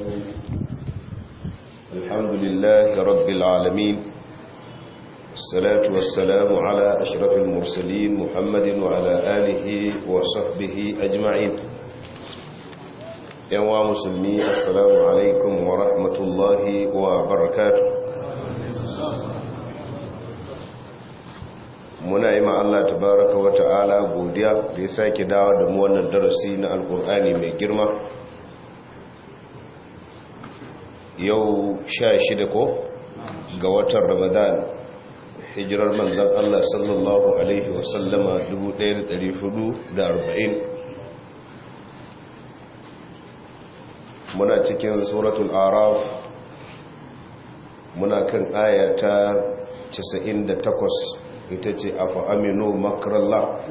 الحمد لله رب العالمين الصلاة والسلام على أشرف المرسلين محمد وعلى آله وصحبه أجمعين يا مسلمي السلام عليكم ورحمة الله وبركاته muna yi Allah tabaraka wa ta'ala godiya da ya sake dawo da mu wannan darasi na alkur'ani mai girma yau sha shida ko ga watan ramadan hijirar manzan Allah sallallahu Alaihi wasallama 1440 muna cikin suratul araf muna kan ayata 98 ita ce a fa'aminu makarallah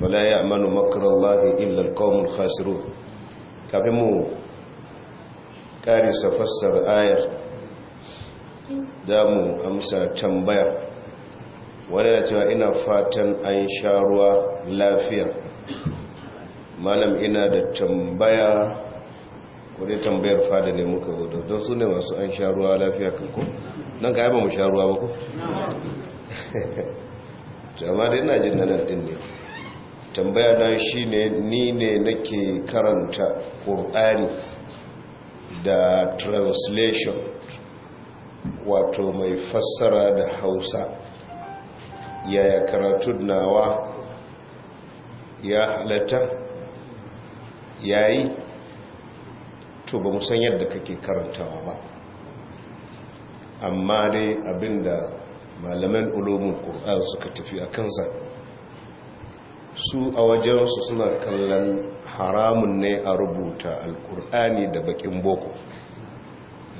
fala ya amanu makarallah illal kawun khasiru kafin mu karisa fassara ayar damu amsa tambaya wani na cewa ina fatan an sha ruwa lafiya malam ina da tambaya kudai tambayar fada ne muka gudu don su ne masu an sha ruwa lafiya kanku nan ka yaba mu sha ruwa ba ku? amma da ina jin nanar din ne tambaya na shi ne ni ne nake karanta ƙur'ani da translation wato mai fassara da hausa yaya karatu nawa ya halatta yayi to ba san yadda kake karantawa ba amma dai abinda malaman ulumin ƙur'an suka tafi a kansa su a wajen su suna kallon haramun ne a rubuta alkur'ani da bakin boko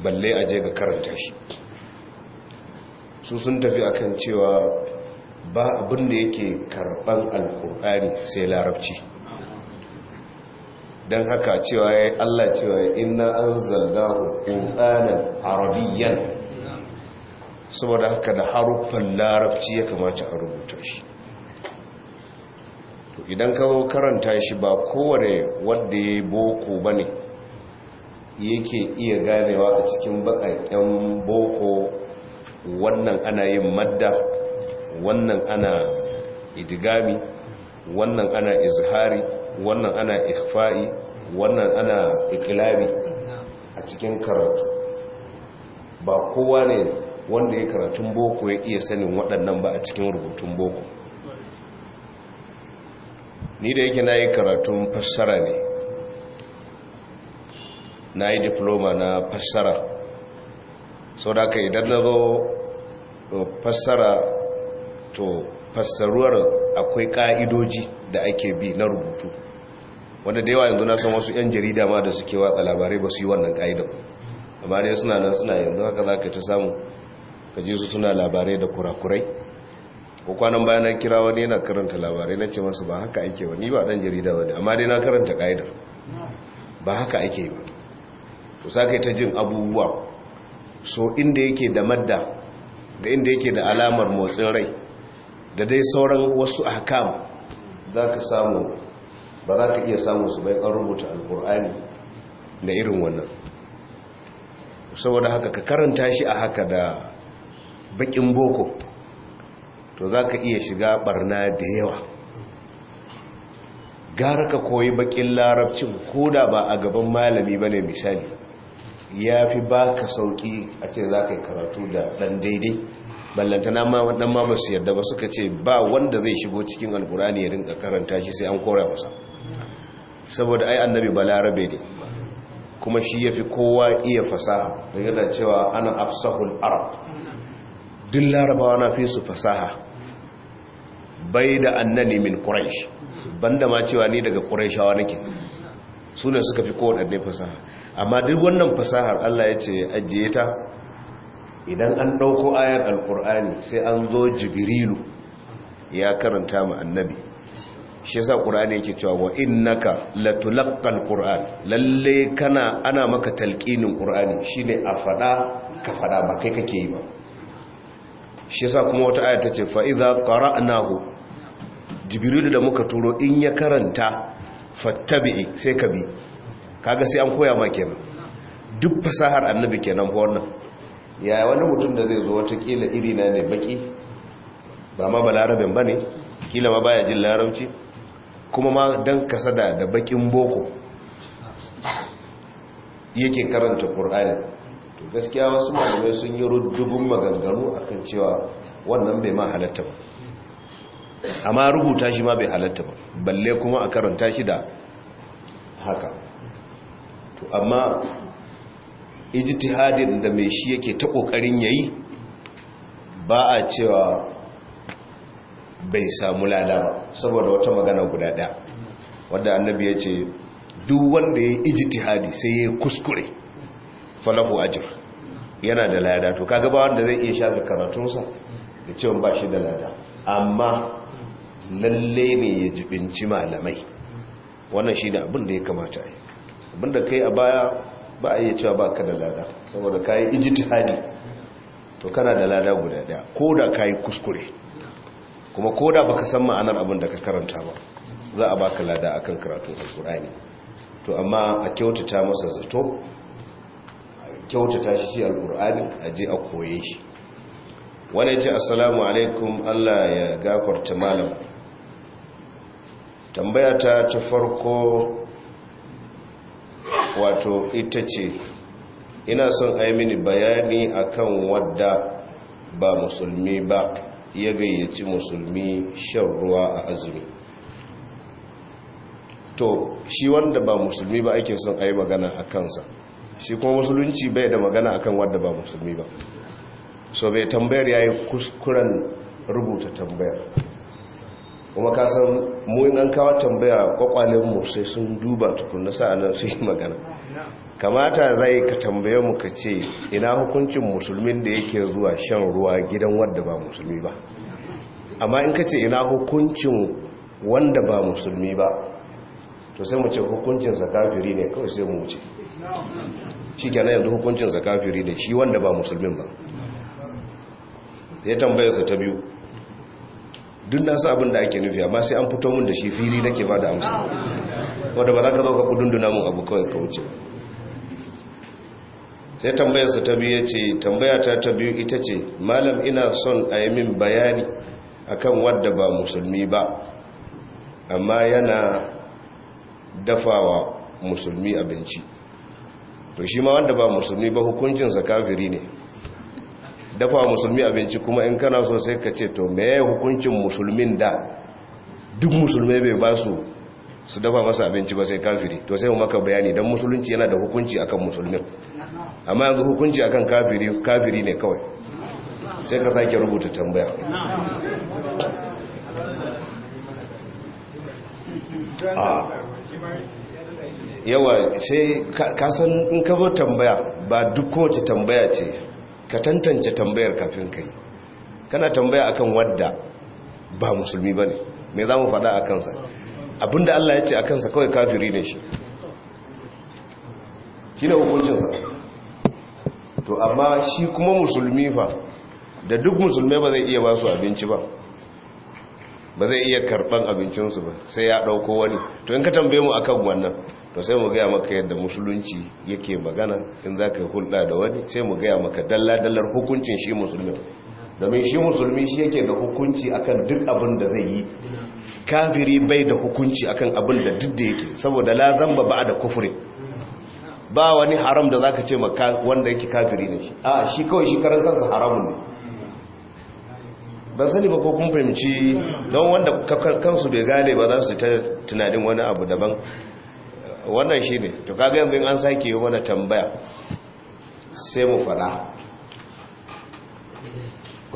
balle a je ga karanta shi su sun tafi akan cewa ba abin da yake karban alkur'ani sai larabci don haka cewa ya Allah cewa ya inna an zalda ƙunƙanin arabiyyan saboda haka da haruffan larabci ya kamata a rubuta shi to idan ka zo karanta shi ba kowane wanda ya boko ba ne yake iya ganewa a cikin bakakken boko wannan ana yin madda wannan ana idigami wannan ana izhari wannan ana ikfa'i wannan ana ikilabi a cikin karatu ba kowa ne wanda ya karatun boko ya iya sanin waɗannan ba a cikin rubutun boko ni da yake na yi karatun fassara ne na yi diploma na fassara sau da aka idan na zo fassara to fassaruwar akwai ka'idoji da ake bi na rubutu wanda da yawa yanzu na san wasu 'yan jarida ma da suke watsa labarai ba su yi wannan ka'idar amma dai suna nan suna yanzu haka za ka ta samu ka ji su suna labarai da kurakurai ko kwanan bayan na kira wani yana karanta labarai na ce masu ba haka ake ba ni ba dan jarida ba amma dai na karanta ƙa'idar ba haka ake ba to sa kai ta jin abubuwa so inda yake da madda da inda yake da alamar motsin rai da dai sauran wasu ahkam za ka samu ba za ka iya samu su bai kan rubuta alkur'ani na irin wannan saboda haka ka karanta shi a haka da bakin boko to za ka iya shiga barna da yawa gara ka koyi bakin larabcin da ba a gaban malami ba ne misali ya fi ba ka sauki a ce za ka yi karatu da ɗan daidai ballantana na waɗannan ma su yadda ba suka ce ba wanda zai shigo cikin alkurani ya rinka karanta shi sai an kora masa saboda ai annabi ba larabe ne kuma shi ya fi kowa iya fasaha da yana cewa ana afsahul arab duk larabawa na fi su fasaha bai da annani min quraish banda ma cewa ni daga quraishawa nake su ne suka fi kowaɗanne fasaha amma duk wannan fasahar Allah ya ce ajiye ta idan an ɗauko ayar alƙur'ani sai an zo jibrilu ya karanta mu annabi shi sa ƙur'ani yake cewa wa innaka latulaqqal qur'an lalle kana ana maka talqinin qur'ani shine a faɗa ka faɗa ba kai kake yi ba shi sa kuma wata aya tace fa idza qara'nahu jibrilu da muka turo in ya karanta fattabi'i sai ka bi kaga sai an koya ma kenan duk fasahar annabi kenan ko wannan yaya wani mutum da zai zo wata kila iri na ne baki ba ma ba ba ne kila ma baya jin larabci kuma ma dan kasada da bakin boko yake karanta ƙur'ani to gaskiya wasu malamai sun yi rudubin maganganu akan cewa wannan bai ma halatta ba amma rubuta shi ma bai halatta ba balle kuma a karanta shi da haka to amma ijtihadin da mai shi yake ta kokarin yayi ba a cewa bai samu lada ba saboda wata magana guda daya wadda annabi ya ce duk wanda ya ijtihadi sai ya kuskure falahu ajr yana da lada to kaga ba wanda zai iya shaga karatunsa da cewa ba shi da lada amma lalle ne ya jibinci malamai wannan shi ne abin da ya kamata yi abin da kai a baya ba a iya cewa ba ka da lada saboda ka yi ijtihadi to kana da lada guda daya ko da ka yi kuskure kuma ko da baka san ma'anar abin da ka karanta ba za a baka lada akan karatu alkurani to amma a kyautata masa zato a kyautata shi shi alkurani a je a koye shi wani ce assalamu alaikum allah ya gafarta malam tambaya ta ta farko wato ita ce ina son ai mini bayani akan wadda ba musulmi ba ya gayyaci musulmi shan ruwa a azumi to shi wanda ba musulmi ba ake son yi magana a kansa shi kuma musulunci bai da magana akan wadda ba musulmi ba so bai tambayar ya yi kuskuren rubuta tambayar kuma ka san mu in an kawo tambaya kwakwalen mu sai sun duba tukunna sa'annan su yi magana kamata zai ka tambaye mu ka ce ina hukuncin musulmin da yake zuwa shan ruwa gidan wanda ba musulmi ba amma in ka ce ina hukuncin wanda ba musulmi ba to sai mu ce hukuncin zakafiri ne kawai sai mu wuce shi kenan yanzu hukuncin zakafiri ne shi wanda ba musulmin ba ya tambayarsa ta biyu duk na sa abin da ake nufi amma sai an fito mun da shi fili nake ba da amsa wadda ba za ka zauka kudin duna mun abu kawai ka wuce sai tambayarsa ta biyu ce tambayata ta biyu ita ce malam ina son a yi min bayani akan wadda ba musulmi ba amma yana dafawa musulmi abinci to shi ma wanda ba musulmi ba hukuncinsa kafiri ne dafa musulmi abinci kuma in kana so sai ka ce to me hukuncin musulmin da duk musulmi bai ba su su dafa masa abinci ba sai kafiri to sai maka bayani don musulunci yana da hukunci akan musulmin amma yanzu hukunci akan kafiri kafiri ne kawai sai ka sake rubuta tambaya ah. yawa sai kasan in ka zo tambaya ba duk kowace tambaya ce ka tantance tambayar kafin kai kana tambaya akan wadda ba musulmi ba ne mai za mu fada a kansa abinda Allah ya ce a kansa kawai kafiri ne shi shi ne hukuncinsa to amma shi kuma musulmi fa da duk musulmi ba zai iya ba su abinci ba ba zai iya karban abincinsu ba sai ya ɗauko wani to in ka tambaye mu akan wannan to sai mu gaya maka yadda musulunci yake magana in za ka hulɗa da wani sai mu gaya maka dalla-dallar hukuncin shi musulmi domin shi musulmi shi yake da hukunci akan duk abin da zai yi kafiri bai da hukunci akan abin da duk da yake saboda la zamba ba da kufri ba wani haram da zaka ce maka wanda yake kafiri ne a shi kawai shi karan kansa haramun ne ban sani ba ko kun fahimci don wanda kansu bai gane ba za su ta tunanin wani abu daban wannan shi ne to kaga yanzu an sake yi mana tambaya sai mu fada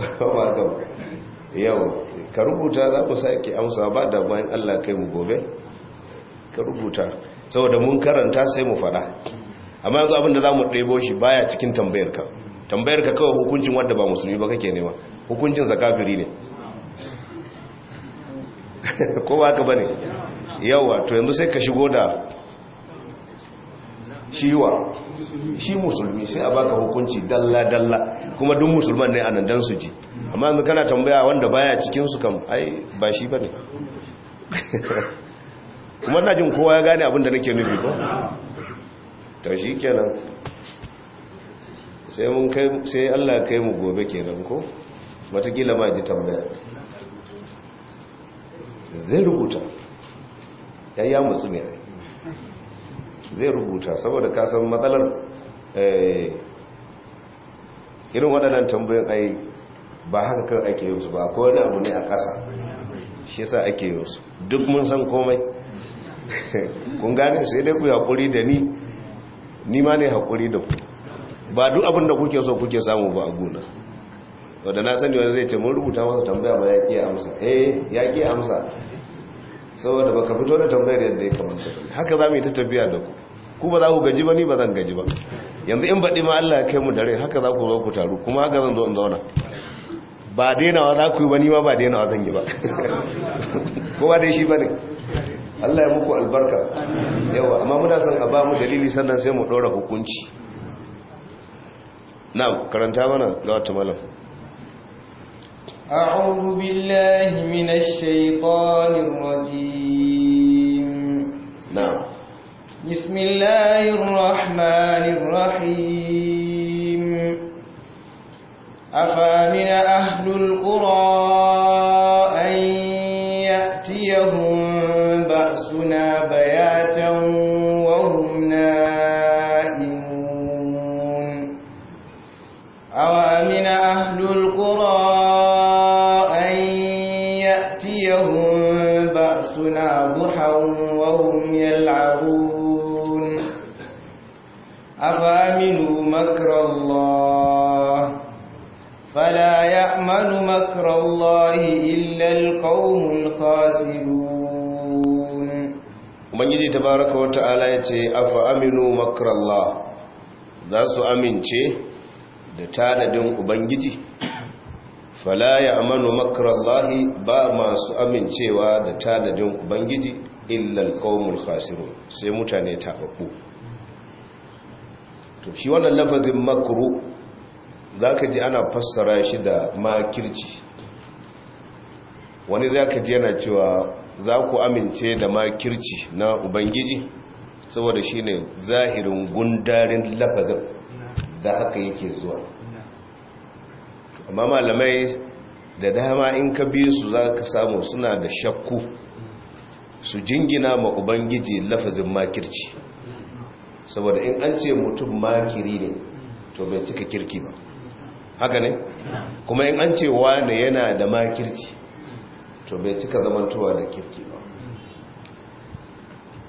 yau ka rubuta za ku sake amsa ba da bayan allah kai mu gobe ka rubuta saboda mun karanta sai mu fada amma yanzu abinda za mu ɗebo shi baya cikin tambayar ka tambayar ka kawai hukuncin wadda ba musulmi ba kake nema hukuncin sa kafiri ne ko ba haka bane yawa to yanzu sai ka shigo da shiwa shi musulmi sai a baka hukunci dalla dalla kuma duk musulman ne nan dan su ji amma yanzu kana tambaya wanda baya cikin su kam ai ba shi bane kuma na jin kowa ya gane abin da nake nufi ba to kenan sai mun kai sai Allah kai mu gobe kenan ko watakila ma ji tambaya zai rubuta ya yi amutsu ne zai rubuta saboda kasan matsalar eh, irin waɗannan tambayin ai ba haka kan ake yi su ba ko wani abu ne a ƙasa shi sa ake yi su duk mun san komai kun gane sai dai ku haƙuri da ni ni ma ne haƙuri da ku ba duk abin da kuke so kuke samu ba a gona wadda na sani wani zai ce mun rubuta masa tambaya ba ya ke amsa eh ya ke amsa saboda baka fito da tambayar yadda ya kamata haka za mu yi ta tafiya da ku ku ba za ku gaji ba ni ba zan gaji ba yanzu in baɗi ma Allah ya kai mu dare haka za ku zo ku taru kuma haka zan zo in zauna ba dainawa za ku yi ba ni ma ba dainawa zan yi ba kowa dai shi ba ne Allah ya muku albarka yawa amma muna son a ba mu dalili sannan sai mu ɗora hukunci نعم karanta mana ga wata أعوذ بالله من الشيطان الرجيم نعم بسم الله الرحمن الرحيم أفامن أهل القرى أن يأتيهم بأسنا بياتا سبحا وهم يلعبون أفامنوا مكر الله فلا يأمن مكر الله إلا القوم الخاسرون ومن تبارك وتعالى أفأمنوا مكر الله ذا سأمن da tanadin ubangiji fala ya amanu makarallahi ba masu amincewa da tanadin ubangiji illal qawmul khasirun sai mutane ta tafafu to shi wannan lafazin makru zaka ji ana fassara shi da makirci wani zaka ji yana cewa za ku amince da makirci na ubangiji saboda shine zahirin gundarin lafazin da haka yake zuwa amma malamai da dama in ka bi su za ka samu suna da shakku su jingina ma ubangiji lafazin makirci saboda in an ce mutum makiri ne to bai cika kirki ba haka ne kuma in an ce wani yana da makirci to bai cika zamantowa da kirki ba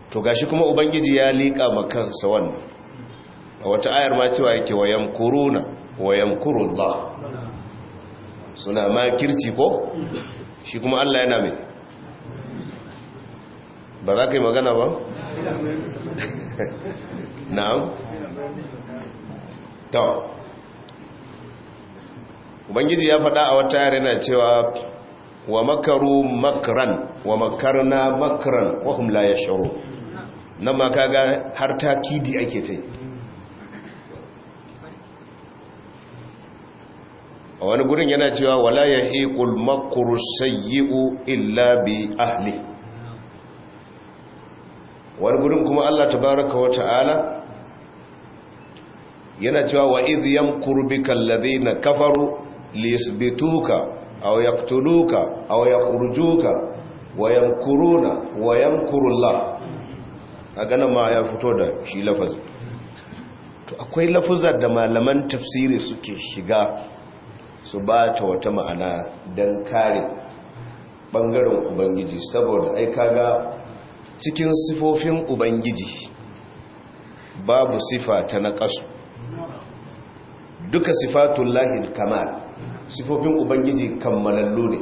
to gashi kuma ubangiji ya liƙa ma kansa wannan a wata ayar ma cewa yake wayan kuruna wayan kurullah suna makirci ko shi kuma allah yana mai ba za ka yi magana ba? na'am? ta ubangiji ya faɗa a wata yare na cewa wa makaru makaran wa makarna makaran wahum la ya shoro nan ma kaga har ta kidi ake ta a wani gurin yana cewa wala ya hekul makaru sayi'u illa bi ahli wani gudun kuma Allah ta wa ta'ala yana cewa wa yan yamkuru bika na kafaru liyasbituka aw yaqtuluka aw yakhrujuka wa wa a gana ma ya fito da shi lafazin to akwai lafuzar da malaman tafsiri suke shiga su ba ta wata ma'ana don kare ɓangaren ubangiji saboda ai ga. cikin sifofin ubangiji babu sifa ta naƙasu duka sifatun lahil kamar sifofin ubangiji kammalallu ne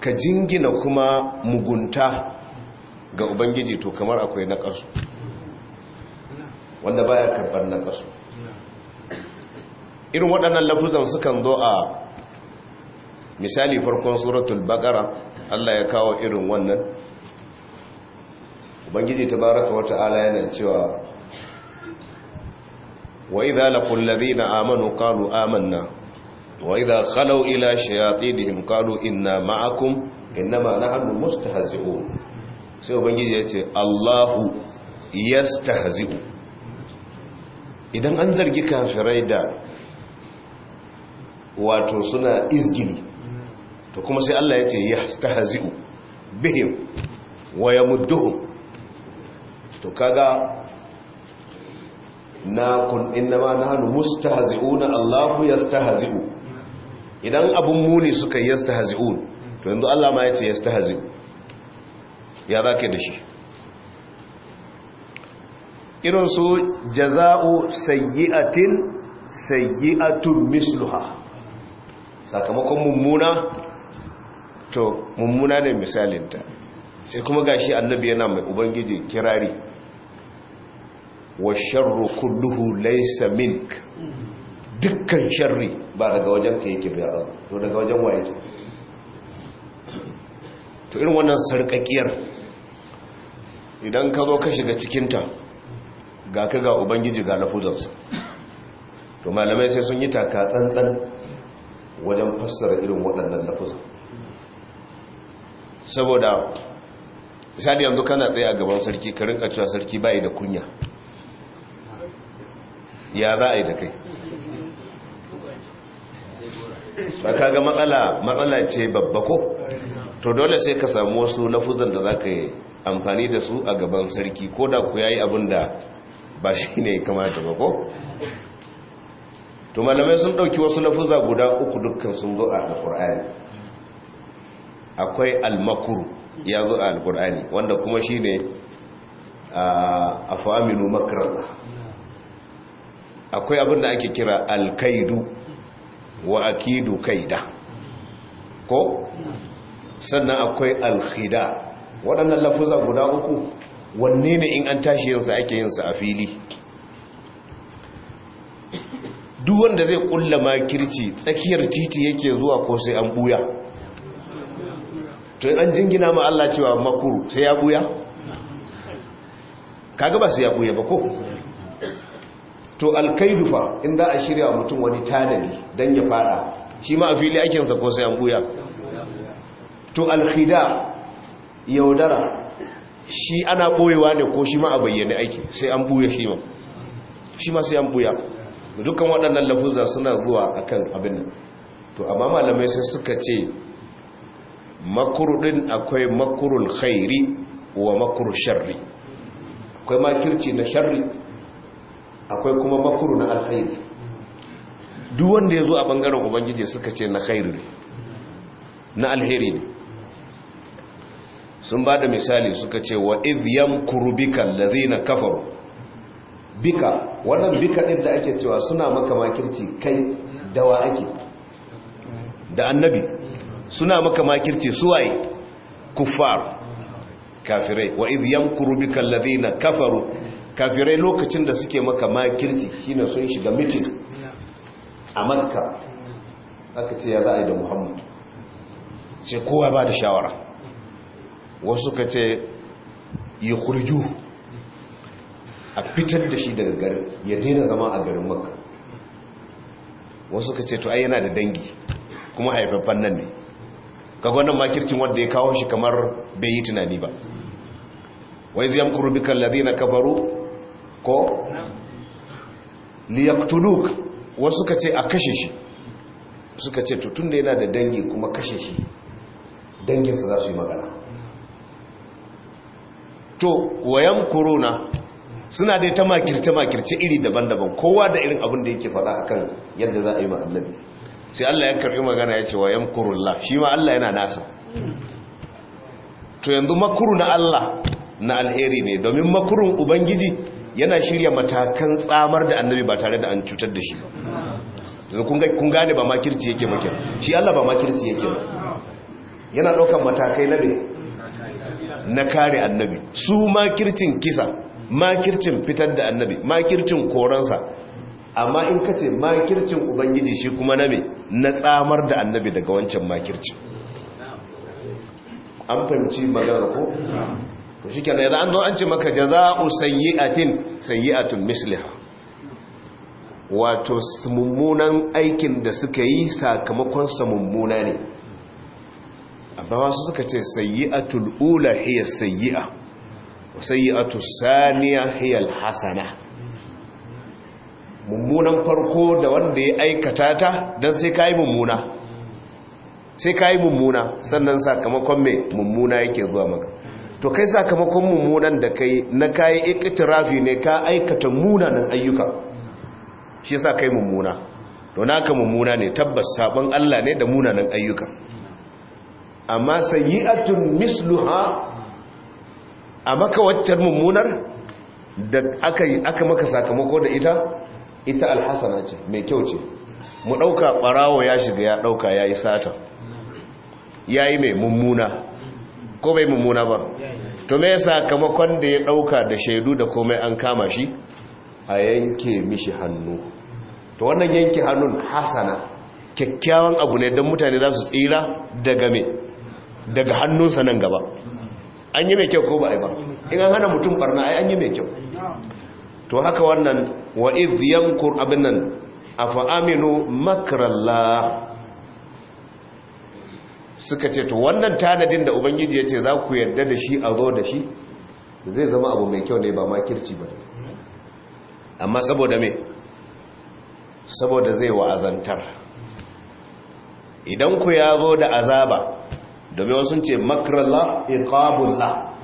ka jingina kuma mugunta ga ubangiji to kamar akwai naƙasu wanda baya karɓar naƙasu irin waɗannan lafuzan sukan zo a misali farkon suratul bakara Allah ya kawo irin wannan ubangiji Wata wata'ala yana cewa wa idza laqul ladina amanu qalu amanna wa idza khalaw ila shayatinihim qalu inna ma'akum innama nahnu mustahzi'un sai ubangiji yace Allahu yastahzi'u idan an zargi kafirai da wato suna izgili to kuma sai Allah yace yastahzi'u bihim wa yamudduhum to kaga na kun innama nahnu mustahzi'una Allahu yastahzi'u idan abun muni suka yastahzi'un to yanzu Allah ma yace yastahzi'u ya ke da shi irin su jaza'u sayyi'atin sayyi'atun misluha sakamakon mummuna to mummuna ne misalinta sai kuma gashi annabi yana mai ubangiji kirari wa sharru kulluhu laysa mink dukkan sharri ba daga wajen ka yake ba to daga wajen wa yake to irin wannan sarkakiyar idan ka zo ka shiga cikinta ga ka ga ubangiji ga lafuzansa to malamai sai sun yi taka tsantsan wajen fassara irin waɗannan lafuzan saboda misali yanzu kana tsaye a gaban sarki ka rinka cewa sarki bai da kunya ya za a yi da kai ba ka ga matsala matsala ce babba ko to dole sai ka samu wasu lafuzan da za ka yi amfani da su a gaban sarki ko da ku yi abin da ba shi ne kamata ba ko to malamai sun dauki wasu lafuza guda uku dukkan sun zo a alkur'ani akwai almakuru ya zo a alkur'ani wanda kuma shi ne a fa'aminu makarar akwai abin da ake kira alkaidu wa akidu kaida ko sannan akwai alkhida waɗannan lafuza guda uku wanne ne in an tashi yinsa ake yinsa a fili duk wanda zai kulla makirci tsakiyar titi yake zuwa ko sai an buya to an jingina ma Allah cewa makuru sai ya buya kaga ba sai ya buya ba ko to alkaidu fa in za a shirya mutum wani tanadi don ya fada shi ma a fili aikinsa ko sai an buya to alkhida yaudara shi ana boyewa ne ko shi ma a bayyane aiki sai an buya shi ma shi ma sai an buya dukkan waɗannan lafuzza suna zuwa akan abin to amma malamai sai suka ce makurudin akwai makurul khairi wa makurul sharri akwai makirci na sharri akwai kuma makuru na alkhairi duk wanda ya zo a bangaren ubangiji suka ce na khairu ne na alheri ne sun ba da misali suka ce wa idiyam kurubika lazina kafaru bika wannan bika ɗin da ake cewa suna maka makirci kai dawa ake da annabi suna maka makirci suwaye kufar kafirai wa idiyam kurubika lazina kafaru kafirai lokacin da suke maka makirci shine sun shiga mitin a makka aka ce ya za a yi da Muhammad? ce kowa ba da shawara wasu ka ce yi kurju a fitar da shi daga garin ya daina zama a garin makka wasu ka ce to ai yana da dangi kuma haifafan nan ne Ka wannan makircin wanda ya kawo shi kamar bai yi tunani ba wai zai kurubikan bikan lazina kabaru ko liyaktuluk wasu suka ce a kashe shi suka ce tutun da yana da dangi kuma kashe shi danginsa za su yi magana to wayan korona suna dai ta makirce-makirce iri daban-daban kowa da irin abin da yake faɗa akan yadda za a yi ma'annabi sai Allah ya karbi magana ya ce wa yamkurullah shi ma Allah yana nasa to yanzu makuru na Allah na alheri ne domin makurun ubangiji yana shirya matakan tsamar da annabi ba tare da an cutar da shi kun gane ba makirci yake makin shi Allah ba makirci yake ba yana ɗaukan matakai na na kare annabi su makircin kisa makircin fitar da annabi makircin koransa amma in ka ce makircin ubangiji shi kuma na na tsamar da annabi daga wancan makirci an fahimci magana ko to shi kenan yanzu an zo an ce maka jaza'u sayyi'atin sayyi'atun misliha wato mummunan aikin da suka yi sakamakon sa mummuna ne amma wasu suka ce sayyi'atul ula hiya sayyi'a wa sayyi'atus saniya hiya alhasana mummunan farko da wanda ya aikata ta don sai ka mummuna sai kai mummuna sannan sakamakon mai mummuna yake zuwa maka to kai sakamakon mummunan da kai na kayi ikitirafi ne ka aikata munanan ayyuka shi sa kai mummuna to naka mummuna ne tabbas sabon Allah ne da munanan ayyuka amma sayyi'atun misluha a maka mummunar da aka yi aka maka sakamako da ita ita alhassana ce mai kyau ce mu ɗauka ɓarawo ya shiga ya ɗauka ya yi sata ya yi mai mummuna ko bai mummuna ba to me sakamakon da ya dauka da shaidu da komai an kama shi a yanke mishi hannu to wannan yanke hannun hasana kyakkyawan abu ne don mutane za su tsira daga me daga hannunsa nan gaba an yi mai kyau ko ba a yi ba in an hana mutum barna ai an yi mai kyau to haka wannan wa idh abin nan, a aminu makarallah suka ce to wannan tanadin da ubangiji ya ce za ku yarda da shi a zo da shi zai zama abu mai kyau ne ba makirci ba amma saboda me saboda zai wa'azantar idan ku ya zo da azaba domin wasu ce makrallah iqabullah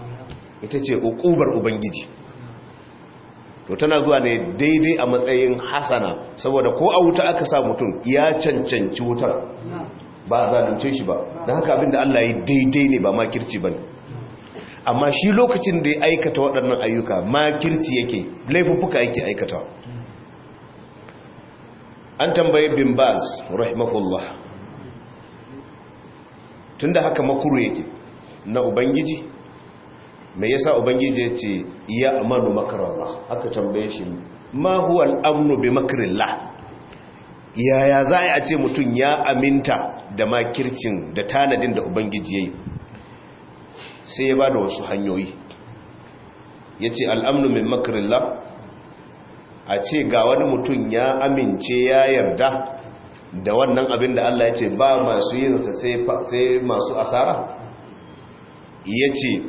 ita ce ukubar ubangiji to tana zuwa ne daidai a matsayin hasana saboda ko a wuta aka sa mutum ya cancanci wutar ba a zalunce shi ba Da haka abinda Allah ya daidai ne ba makirci ba amma shi lokacin da ya aikata waɗannan ayyuka makirci yake laifuffuka yake aikata an tambaye bin baz rahimahullah tun da haka makuru yake na ubangiji mai yasa ubangiji ya ce ya amanu makararra aka tambaye shi ma huwa al'amnu bi makarillah yaya za a ce mutum ya aminta da makircin da tanadin da ubangiji ya yi sai ya ba da wasu hanyoyi ya ce al'amnu min makarilla a ce ga wani mutum ya amince ya yarda da wannan abin da Allah ya ce ba masu yinsa sai masu asara ya ce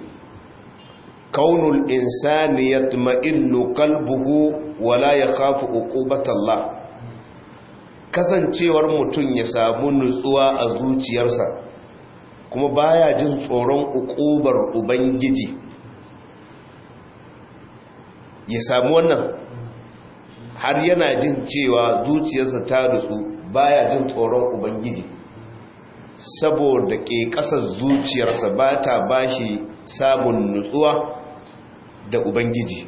kaunul insani ya tuma'illu buhu wala ya kafa uku batallah kasancewar mutum ya samu nutsuwa a zuciyarsa kuma baya jin tsoron ukubar ubangiji ya samu wannan har yana jin cewa zuciyarsa ta nutsu baya jin tsoron ubangiji saboda ke kasar zuciyarsa ba ta bashi samun nutsuwa da ubangiji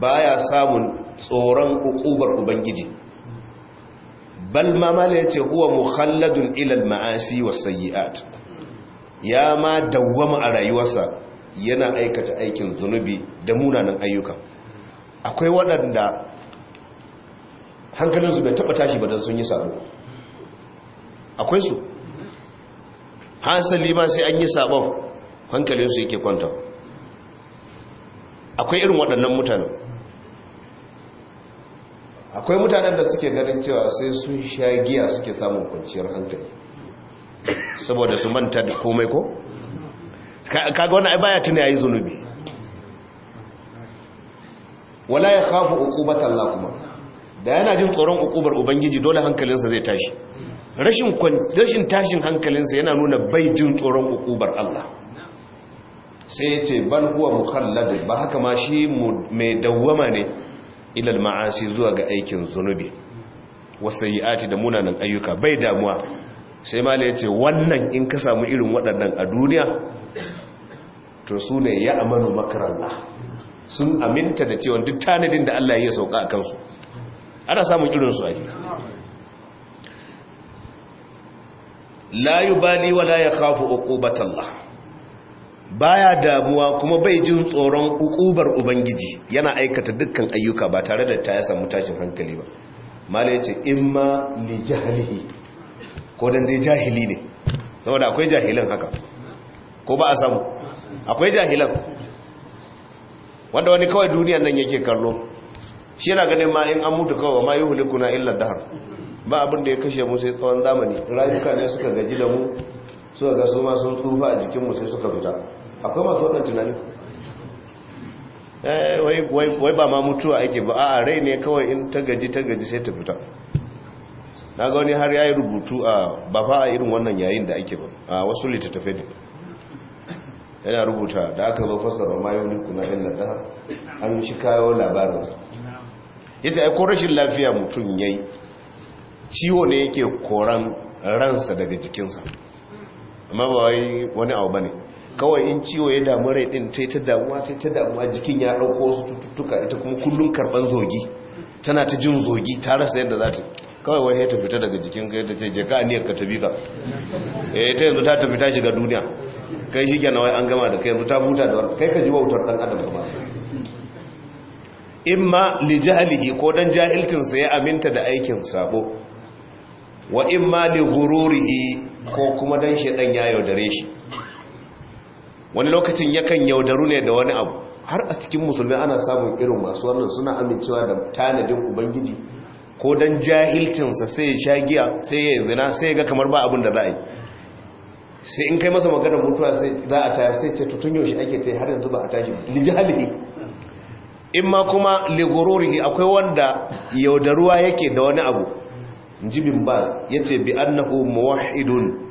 baya samun tsoron ukubar ubangiji bal ma mala ya ce huwa mukhalladun ilal ma'asi was sayyi'at ya ma dawwama a rayuwarsa yana aikata aikin zunubi da munanan ayyuka akwai waɗanda su bai taɓa tashi ba don sun yi sabo akwai su hasali ma sai an yi hankalin su yake kwanta akwai irin waɗannan mutanen akwai mutanen da suke ganin cewa sai sun sha giya suke samun kwanciyar hankali saboda su manta da komai ko kaga wani baya tuna yayi zunubi wala ya khafu uqubata Allah kuma da yana jin tsoron uqubar ubangiji dole hankalinsa zai tashi rashin rashin tashin hankalinsa yana nuna bai jin tsoron uqubar Allah sai ya ce bal huwa mukhallad ba haka ma shi mai dawwama ne ilal ma'asi zuwa ga aikin zunubi ati da munanan ayyuka bai damuwa sai mala yace wannan in ka samu irin waɗannan a duniya to su ne ya amanu makaranta sun aminta da cewa duk tanadin da Allah ya sauka a kansu ana samun irin su ake la ya wala yakhafu uqubatallah baya damuwa kuma bai jin tsoron ukubar ubangiji yana aikata dukkan ayyuka ba tare da ta ya samu tashin hankali ba mala yace imma li jahlihi ko dan dai jahili ne saboda akwai jahilan haka ko ba a samu akwai jahilan wanda wani kawai duniyan nan yake kallo shi yana ganin ma in an mutu kawai ma yuhlikuna illa dahar ba abin ya kashe mu sai tsawon zamani rayuka ne suka gaji da mu suka ga su ma sun tsufa a jikinmu sai suka fita akwai masu wannan tunanin eh, wai ba ma mutuwa ake ba a rai ne kawai in ta gaji ta gaji sai ta fita na ga wani har ya yi rubutu a ba fa a irin wannan yayin da ake ba a wasu littattafai ne yana rubuta da aka zo fasara mayoni kuna yin ta an shi kawo labarin ya ce aiko rashin lafiya mutum ya yi ciwo ne yake koran ransa daga jikinsa amma ba wani abu ba ne kawai in ciwo ya damu rai din ta yi ta damuwa ta yi ta damuwa jikin ya ɗauko wasu tututtuka ita kuma kullum karɓar zogi tana ta jin zogi ta rasa yadda za ta kawai wani ya ta fita daga jikin ka ta ce je a niyar ka tabi ka eh ta yanzu ta tafi ta shiga duniya kai shi kenan wai an gama da kai yanzu ta huta da wani kai ka ji wautar ɗan adam kuma imma li jahlihi ko dan jahiltinsa ya aminta da aikin sabo wa ma li gururihi ko kuma dan ɗan ya yaudare shi wani lokacin yakan yaudaru ne da wani abu har a cikin musulmi ana samun irin masu wannan suna amincewa da tanadin ubangiji ko don jahilcinsa sai ya sha giya sai ya zina sai ya ga kamar ba abin da za a yi sai in kai masa magana mutuwa sai za a tayar sai ce tutun yaushe ake ta har yanzu ba a tashi li jahalihi in ma kuma li akwai wanda yaudaruwa yake da wani abu jibin bas yace bi annahu muwahhidun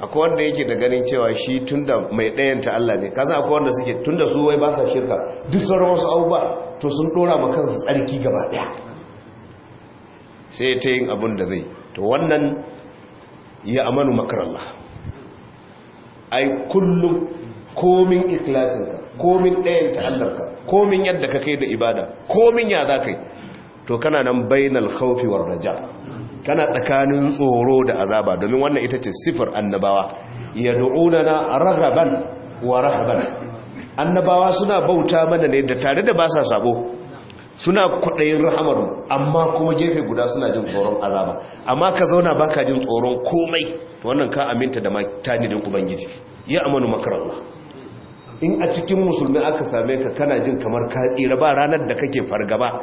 akwai wanda yake da ganin cewa shi tunda mai ta Allah ne kasa akwai wanda suke tunda su wai ba sa shirka duk sauran wasu abubuwa to sun ɗora ma kansu tsarki gaba ɗaya sai ta yin abin da zai to wannan ya amanu Allah ai kullum komin ikilasinka komin Allah ka komin yadda ka kai da ibada komin ya za kai to kana nan bainal khawfi war raja' kana tsakanin tsoro da azaba domin wannan ita ce sifar annabawa ya na rahaban wa rahaban annabawa suna bauta mana ne da tare da basa sa sabo suna kwaɗayin rahamaru, amma kuma gefe guda suna jin tsoron azaba amma ka zauna baka jin tsoron komai wannan ka aminta da tanidin ubangiji ya amanu makarallah in a cikin musulmi aka same ka kana jin kamar ka tsira ba ranar da kake fargaba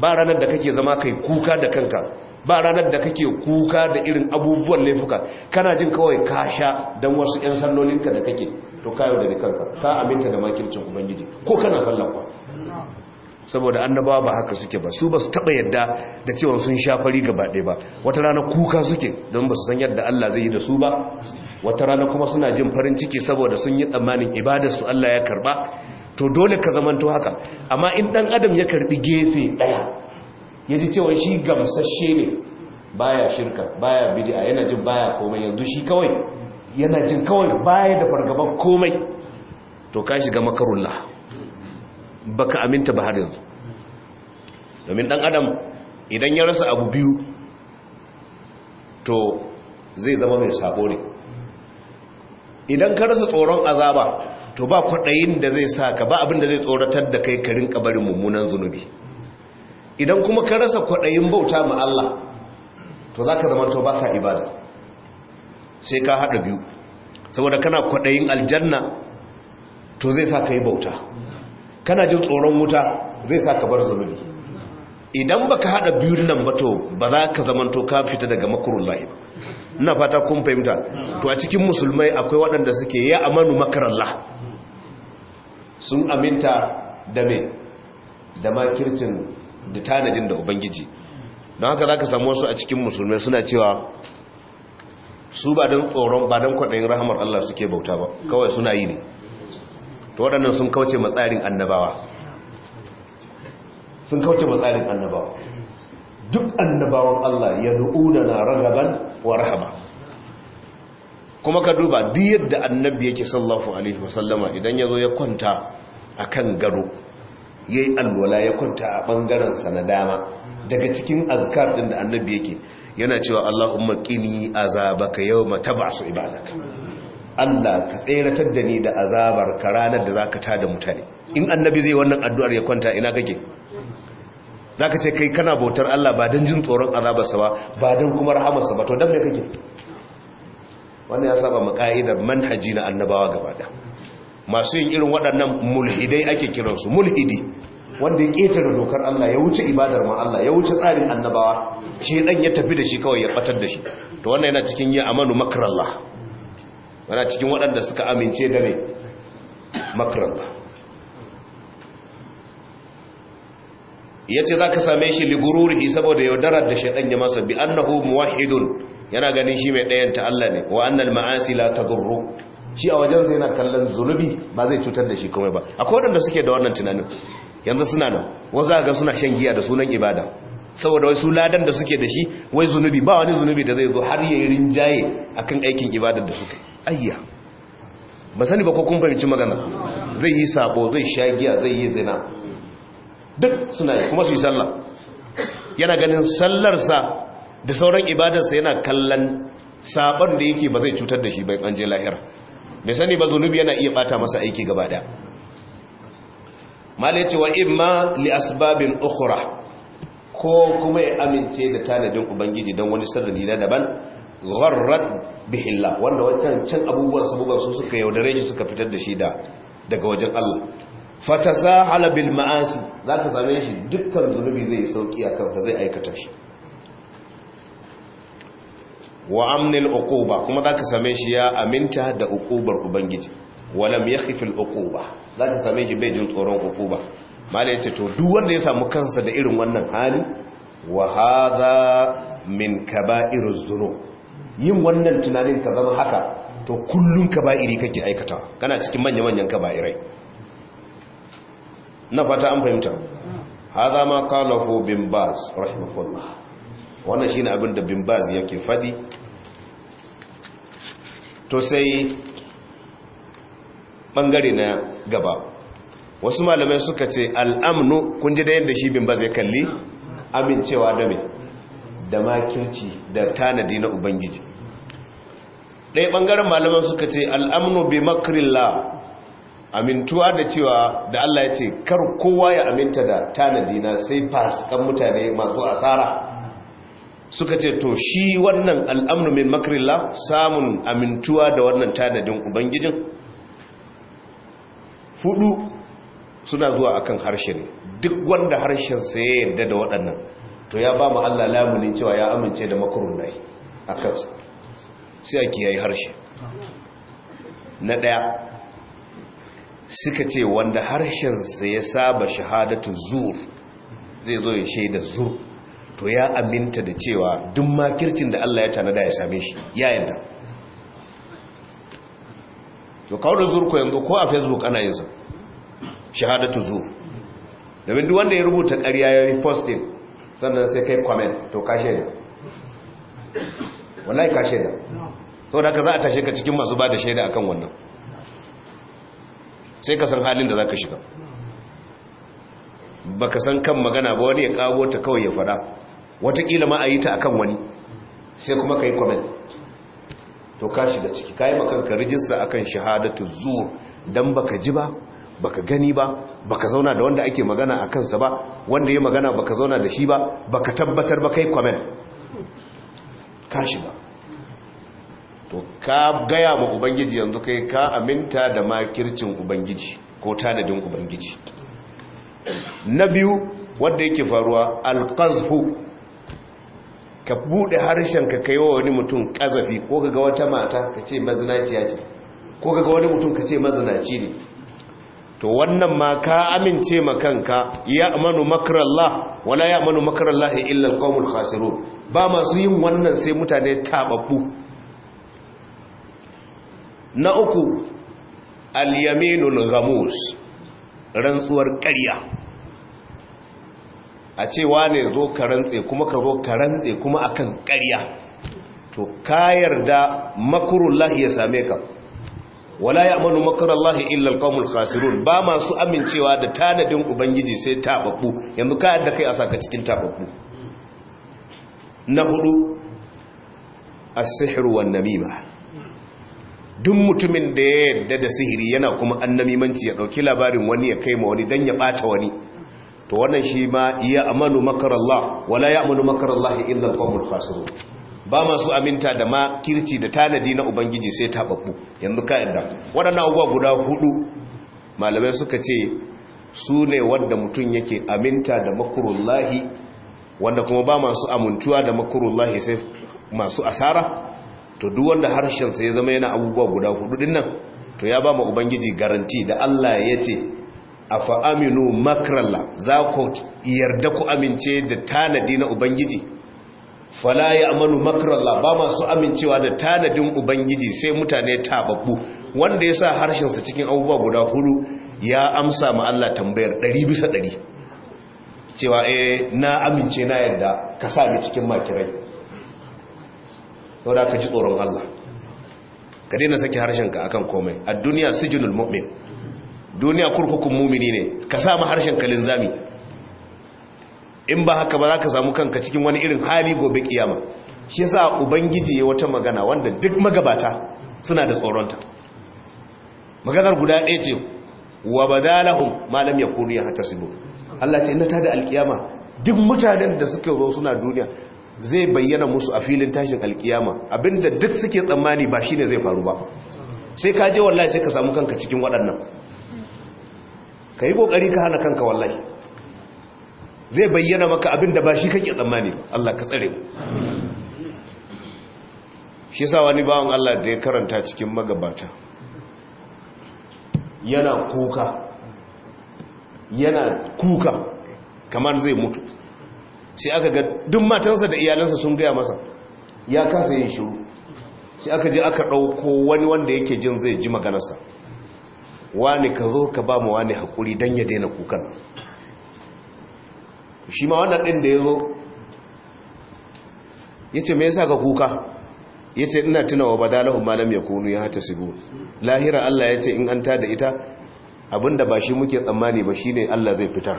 ba ranar da kake zama kai kuka da kanka ba ranar da kake kuka da irin abubuwan laifuka kana jin kawai ka sha don wasu 'yan sallolinka da kake to kayo da kanka ka aminta da makircin ubangiji ko kana sallan kwa saboda annabawa ba haka suke ba su ba su taba yadda da cewa sun sha fari gaba ɗaya ba wata rana kuka suke don ba su san yadda Allah zai yi da su ba wata rana kuma suna jin farin ciki saboda sun yi tsammanin ibadar su Allah ya karba to dole ka zamanto haka amma in dan adam ya karbi gefe daya ya ji cewa shi gamsashe ne baya shirka baya bid'a yana jin baya komai yanzu shi kawai yana jin kawai baya da fargaban komai to ka shiga makarullah baka aminta ba har yanzu domin dan adam idan ya rasa abu biyu to zai zama mai sabo ne idan ka rasa tsoron azaba to ba kwaɗayin da zai sa ka ba abin da zai tsoratar da kai ka karin barin mummunan zunubi idan kuma ka rasa kwaɗayin bauta ma Allah to za ka to ba ka ibada sai ka haɗa biyu saboda kana kwaɗayin aljanna to zai sa ka yi bauta kana jin tsoron wuta zai sa ka bar zunubi idan ka haɗa biyu nan ba to ba za ka zamanto ka fita daga makurun layi ba ina fata kun fahimta to a cikin musulmai akwai waɗanda suke ya amanu makarallah sun aminta da me da makircin da tanadin da ubangiji don haka za ka samu wasu a cikin musulmai suna cewa su ba don tsoron ba don kwaɗayin rahamar Allah suke bauta ba kawai suna yi ne to waɗannan sun kauce matsarin annabawa sun kauce matsarin annabawa duk annabawan Allah ya nuna na ragaban wa rahama kuma ka duba duk yadda annabi yake sallafu alaihi wasallama idan ya zo ya kwanta a kan gado ya yi alwala ya kwanta a ɓangarensa na dama daga cikin azkar ɗin da annabi yake yana cewa Allahumma qini azabaka yawma tab'asu ibadaka Allah ka tseratar da ni da azabar ka ranar da zaka tada mutane in annabi zai wannan addu'ar ya kwanta ina kake zaka ce kai kana bautar Allah ba don jin tsoron azabarsa ba ba don kuma rahamarsa ba to dan me kake wannan ya saba mu ka'idar manhaji na annabawa gaba ɗaya masu yin irin waɗannan mulhidai ake kiransu mulhidi wanda ya da dokar Allah ya wuce ibadar ma Allah ya wuce tsarin annabawa shi dan ya tafi da shi kawai ya ɓatar da shi to wannan yana cikin a amanu makrallah yana cikin waɗanda suka amince da mai ce yace zaka same shi ligururi saboda yaudarar da ɗan ya masa bi annahu muwahhidun yana ganin shi mai ɗayan ta Allah ne wa annal ma'asi la tadurru shi a zai na kallon zunubi ba zai cutar da shi komai ba akwai waɗanda suke da wannan tunanin yanzu suna nan a ga suna shan giya da sunan ibada saboda wasu ladan da suke da shi wai zunubi ba wani zunubi da zai zo har yi rinjaye kan aikin ibadar da suka ayya ba sani ba ko kun fahimci magana zai yi sabo zai sha giya zai yi zina duk suna yi kuma su yi sallah yana ganin sallarsa da sauran ibadarsa yana kallon sabon da yake ba zai cutar da shi bai an je lahira bai sani ba zunubi yana iya bata masa aiki gaba da malai cewa imma li asbabin ukhra ko kuma ya amince da tanadin ubangiji don wani sarari na daban gharrat bihilla wanda wannan can abubuwan sabuban su suka yaudare shi suka fitar da shi da daga wajen Allah fatasahala bil ma'asi zaka same shi dukkan zunubi zai sauki akan sa zai aikata shi wa amnil uquba kuma zaka same shi ya aminta da uqubar ubangiji walam yakhifil uquba zaka same shi bai jin tsoron uquba malai yace to duk wanda ya samu kansa da irin wannan hali wa hadha min kaba'iruz yin wannan tunanin ka zama haka to kullun kaba'iri kake aikata kana cikin manyan manyan kaba'irai na fata an fahimta hadha ma qalahu bin baz rahimahullah wannan shine abin da bin baz yake fadi to sai bangare na gaba wasu malamai suka ce al'amnu kun ji da yadda shi bin ba kalli amincewa da mai da makirci da tanadi na ubangiji ɗaya ɓangaren malamai suka ce al'amnu bi makrilla amintuwa da cewa da Allah ya ce kar kowa ya aminta da tanadi na sai fasikan mutane masu asara suka ce to shi wannan al’amru min makarilla, samun amintuwa da wannan tanadin ubangijin fudu suna zuwa akan harshe ne duk wanda harshen sa ya yarda da waɗannan to ya ba mu Allah lamunin cewa ya amince da makarun nai a kansa sai a kiyaye harshe na ɗaya suka ce wanda harshen sa ya saba shahadatu zur zai zo ya shaida zur to ya aminta da cewa duk makircin da Allah ya tanada ya same shi ya yanda to kawo zurko yanzu ko a facebook ana yin sa shahadatu zur domin duk wanda ya rubuta ƙarya ya yi posting sannan sai kai comment to ka shaida wallahi ka shaida da ka za a tashe ka cikin masu ba da shaida akan wannan sai ka san halin da za ka shiga ba ka san kan magana ba wani ya kawo ta kawai ya fada watakila ma a yi ta akan wani sai kuma ka yi kwamen to ka shiga ciki ka yi makanka rijista akan shahadatu zuwa don baka ji ba baka gani ba baka zauna da wanda ake magana a kansa ba wanda ya magana baka zauna da shi ba baka tabbatar ba kai kwamen ka shiga to ka gaya ma ubangiji yanzu kai ka aminta da makircin ubangiji ko tanadin ubangiji na biyu wanda yake faruwa alqazhu ka bude harshen ka kai wa wani mutum kazafi ko kaga wata mata ka ce ya ce ko kaga wani mutum ka ce mazinaci ne to wannan ma ka amince ma kanka ya amanu makarallah wala ya amanu ya illa alqaumul khasirun ba masu yin wannan sai mutane tababbu na uku al-yaminul rantsuwar karya. a cewa ne zo ka rantse kuma ka zo ka rantse kuma akan ƙarya to ka yarda makarullahi ya same ka wala ya amanu makarullahi illa alqawmul khasirun ba masu amincewa da tanadin ubangiji sai tababbu yanzu ka da kai a saka cikin tababbu na hudu as-sihr wan namima duk mutumin da ya yarda da sihiri yana kuma annamimanci ya dauki labarin wani ya kai ma wani dan ya bata wani to wannan shi ma iya amanu makar Allah wala ya amanu makar Allah illa al-qawmul fasiqun ba masu aminta da ma kirci da tanadi na ubangiji sai tababbu yanzu ka yadda wadannan abubuwa guda hudu malamai suka ce su ne wanda mutum yake aminta da makurullahi wanda kuma ba masu amintuwa da makurullahi sai masu asara to duk wanda harshen sa ya zama yana abubuwa guda hudu dinnan to ya ba ma ubangiji garanti da Allah ya ce a fa'aminu makaralla za ku yarda ku amince da tanadi na ubangiji fala ya amanu makaralla ba masu amincewa da tanadin ubangiji sai mutane tababbu wanda ya sa harshensa cikin abubuwa guda hudu ya amsa ma Allah tambayar ɗari bisa ɗari cewa eh na amince na yarda ka sa ni cikin makirai da ka ji tsoron Allah ka daina saki ka akan komai a duniya sijinul mu'min duniya kurkukun mumini ne ka samu harshen kalin zami in ba haka ba za ka samu kanka cikin wani irin hali gobe kiyama shi sa ubangiji ya wata magana wanda duk magabata suna da tsoronta maganar guda ɗaya ce wa malam ya kuri ya yakunu yahtasibu Allah ce na da alkiyama duk mutanen da suke zo suna duniya zai bayyana musu a filin tashin alkiyama abinda duk suke tsammani ba shi ne zai faru ba sai ka je wallahi sai ka samu kanka cikin waɗannan ka yi ƙoƙari ka hana kanka wallahi zai bayyana maka abin da ba shi kake tsammani ba Allah ka tsare shi sa wani bawan Allah da ya karanta cikin magabata yana kuka yana kuka kamar zai mutu sai aka ga duk matansa da iyalansa sun gaya masa ya kasa yin shiru sai aka je aka ɗauko wani wanda yake jin zai ji maganarsa wani ka zo ka ba mu wani hakuri don ya daina kukan shi ma wannan ɗin da ya zo ya ce mai sa ka kuka ya ce ina wa ba dalahun malam ya kunu ya hata sigo lahira Allah ya ce in an ta da ita abinda ba shi muke tsammani ba shi ne Allah zai fitar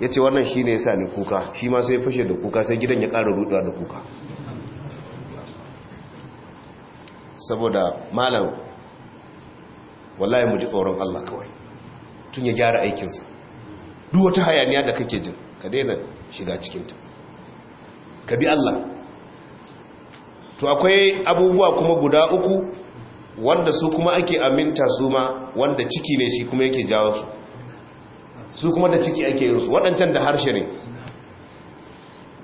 ya ce wannan shi ne sa ni kuka shi ma sai fashe da kuka sai gidan ya ƙara rudu da kuka saboda malam wallahi mu ji tsoron Allah kawai tun ya gyara aikinsa duk wata hayaniya da kake jin ka daina shiga cikinta ka bi Allah to akwai abubuwa kuma guda uku wanda su kuma ake aminta su ma wanda ciki ne shi kuma yake jawo su su kuma da ciki ake yi su waɗancan da harshe ne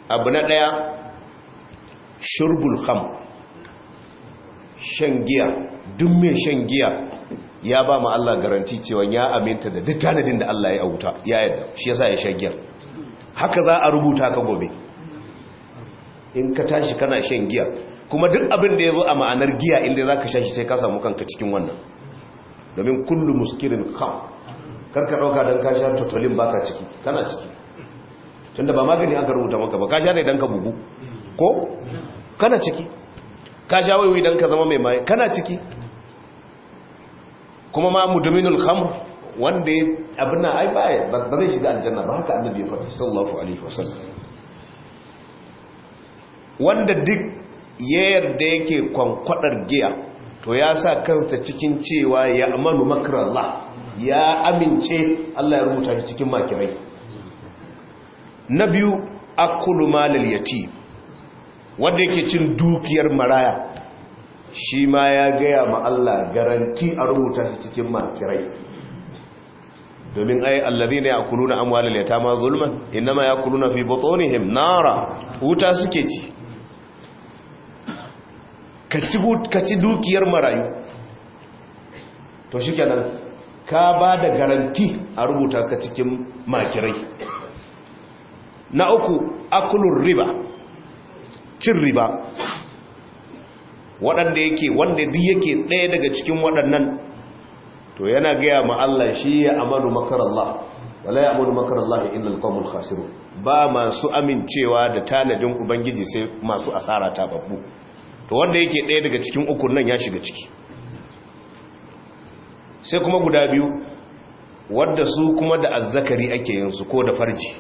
abu na ɗaya shurbul kham shan giya duk mai shan giya ya ba ma Allah garanti cewa ya aminta da duk tanadin da Allah ya auta ya yadda shi yasa ya shagiyar haka za a rubuta ka gobe in ka tashi kana shan giya kuma duk abin da ya zo a ma'anar giya inda za ka sha sai ka samu kanka cikin wannan domin kullu muskirin kam karka ɗauka don ka sha ba baka ciki kana ciki tunda ba magani aka rubuta maka ba ka sha ne ka bugu ko kana ciki ka sha waiwai don ka zama mai maye kana ciki kuma ma mu dominul khamr wanda ya abin nan ai baya ba zai shiga aljanna ba haka annabi ya faɗi sallallahu alaihi wasallam wanda duk ya yarda yake kwankwadar giya to ya sa kansa cikin cewa ya amanu Allah ya amince Allah ya rubuta shi cikin makirai nabiyu biyu akulu malal yatim wanda yake cin dukiyar maraya shi ma ya gaya ma Allah garanti a rubuta shi cikin makirai domin ai allazi ne ya ne ta ma zulman inma ya na fi butunihim nara wuta suke ci ka ci dukiyar marayu to shi kenan ka ba da garanti a rubuta ka cikin makirai na uku akulun riba cin riba waɗanda yake wanda duk yake ɗaya daga cikin waɗannan to yana gaya ma Allah shi ya amalu makar Allah wala ya amalu makar Allah illa alqawmul khasirun ba masu amincewa da tanadin ubangiji sai masu asara ta babbu to wanda yake ɗaya daga cikin ukun nan ya shiga ciki sai kuma guda biyu wadda su kuma da azzakari ake yin su ko da farji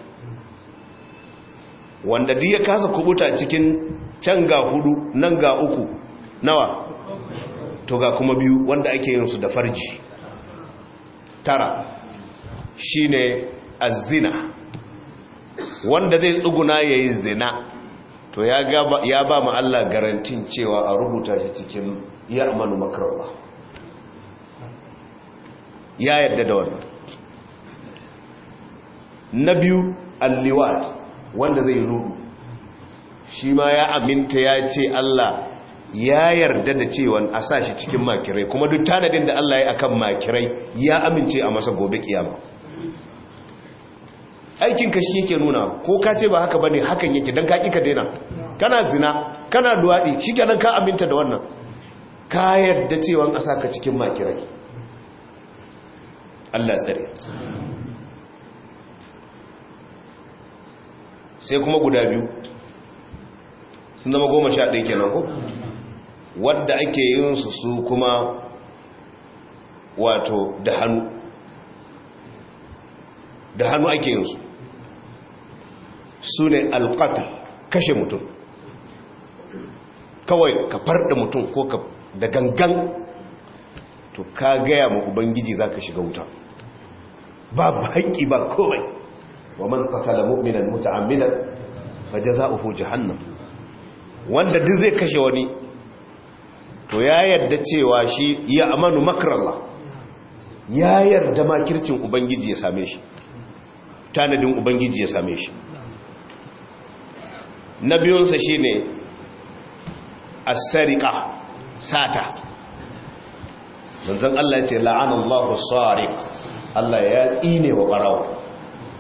wanda duk ya kasa kubuta cikin can ga hudu nan ga uku nawa to ga kuma biyu wanda ake yin su da farji tara shine azina wanda zai tsuguna yayi zina to ya ga ba mu Allah garantin cewa a rubuta shi cikin ya amanu makarwa ya yadda da wannan na biyu alliwat wanda zai rudu shi ma ya aminta ya ce Allah ya yarda da cewa a sa shi cikin makirai kuma duk tanadin da Allah ya akan makirai ya amince a masa gobe kiyama aikin ka shi yake nuna ko ka ce ba haka bane hakan yake dan ka kika daina kana zina kana luwadi shikenan ka aminta da wannan ka yarda cewa a sa ka cikin makirai Allah tsare sai kuma guda biyu sun zama goma sha ɗaya kenan ko wadda ake yin su su kuma wato da hannu da hannu ake yin su su ne alƙata kashe mutum kawai ka farɗa mutum ko ka da gangan to ka gaya ma ubangiji za ka shiga wuta ba haƙƙi ba komai wa man qatala mu'minan muta'ammidan fa jaza'uhu jahannam wanda duk zai kashe wani to ya yarda cewa shi ya amanu makarallah ya yarda makircin ubangiji ya same shi tanadin ubangiji ya same shi na biyunsa shi ne a asarika sata zanzan Allah ce la'anallahu sarif Allah ya tsine wa ɓarawa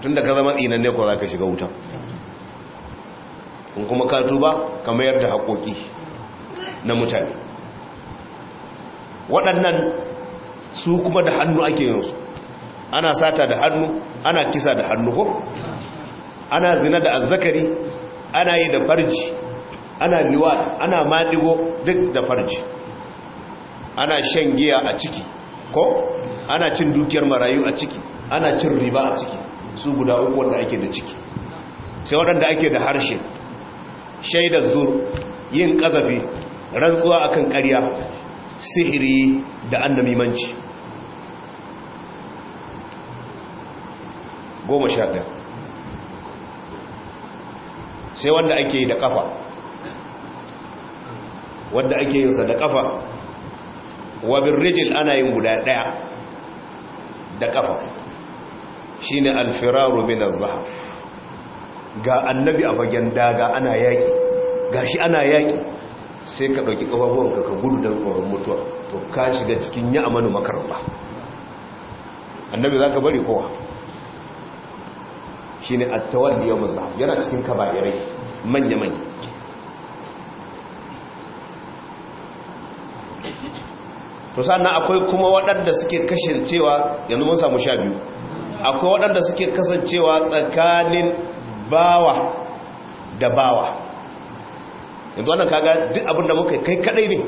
tun da ka zama tsinan ne ko za ka shiga wutan kuma ka tuba ka mayar da haƙoƙi na mutane waɗannan su kuma da hannu ake yinsu ana sata da hannu ana kisa da hannu ko ana zina da azzakari ana yi da farji ana liwa ana maɗigo duk da farji ana shan giya a ciki ko ana cin dukiyar marayu a ciki ana cin riba a ciki su guda uku wanda ake da ciki sai waɗanda ake da harshe shaidar zur yin ƙazafi rantsuwa akan ƙarya sihiri da manci, goma sha ɗaya sai wanda ake yi da ƙafa wanda ake yinsa da ƙafa wabin rijil ana yin guda ɗaya da ƙafa shi ne alfiraru minar zahaf ga annabi a fagen daga ana yaƙi ga shi ana yaƙi sai ka ɗauki ƙafafuwan ka gudu don ƙoron mutuwa to ka shiga cikin ya amanu ba annabi za ka bari kowa shi ne a tawalli yau yana cikin kaba'irai manya-manya to sannan akwai kuma waɗanda suke kashincewa yanzu mun samu sha biyu akwai waɗanda suke kasancewa tsakanin bawa da bawa yanzu wannan kaga duk abinda muka kai kadai ne